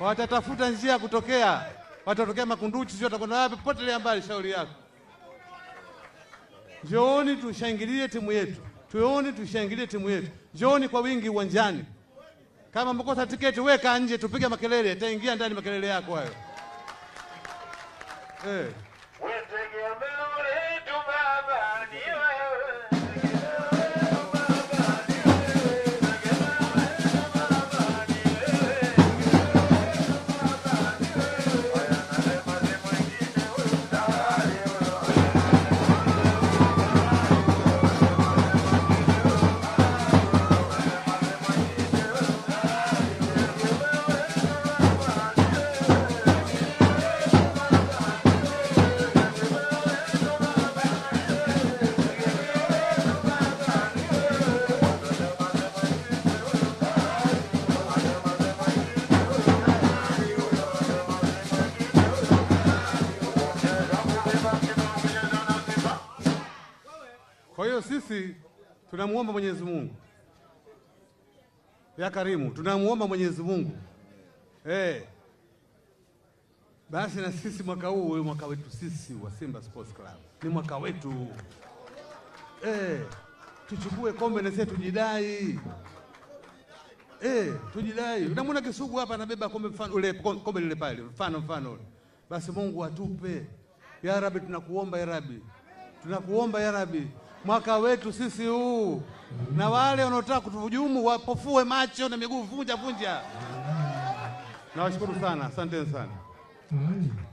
watatafuta njia ya kutokea, watatokea Makunduchi, sio watakwenda wapi? Potelea mbali shauri yako. Njooni tushangilie timu yetu, tuone tushangilie timu yetu. Njooni kwa wingi uwanjani. Kama mkosa tiketi, weka nje, tupige makelele, taingia ndani makelele yako hayo eh. hiyo sisi tunamuomba Mwenyezi Mungu ya karimu, tunamuomba Mwenyezi Mungu hey. Eh. Basi na sisi mwaka huu huyu mwaka wetu sisi wa Simba Sports Club, ni mwaka wetu hey. Eh. Tuchukue kombe na sisi tujidai hey, eh, tujidai. Unamwona Kisugu hapa anabeba kombe, mfano ule kombe lile pale, mfano mfano ule. Basi Mungu atupe ya Rabbi, tunakuomba ya Rabbi, tunakuomba ya Rabbi mwaka wetu sisi huu, na wale wanaotaka kutuhujumu wapofue macho na miguu, vunja vunja. Nawashukuru sana, asanteni sana.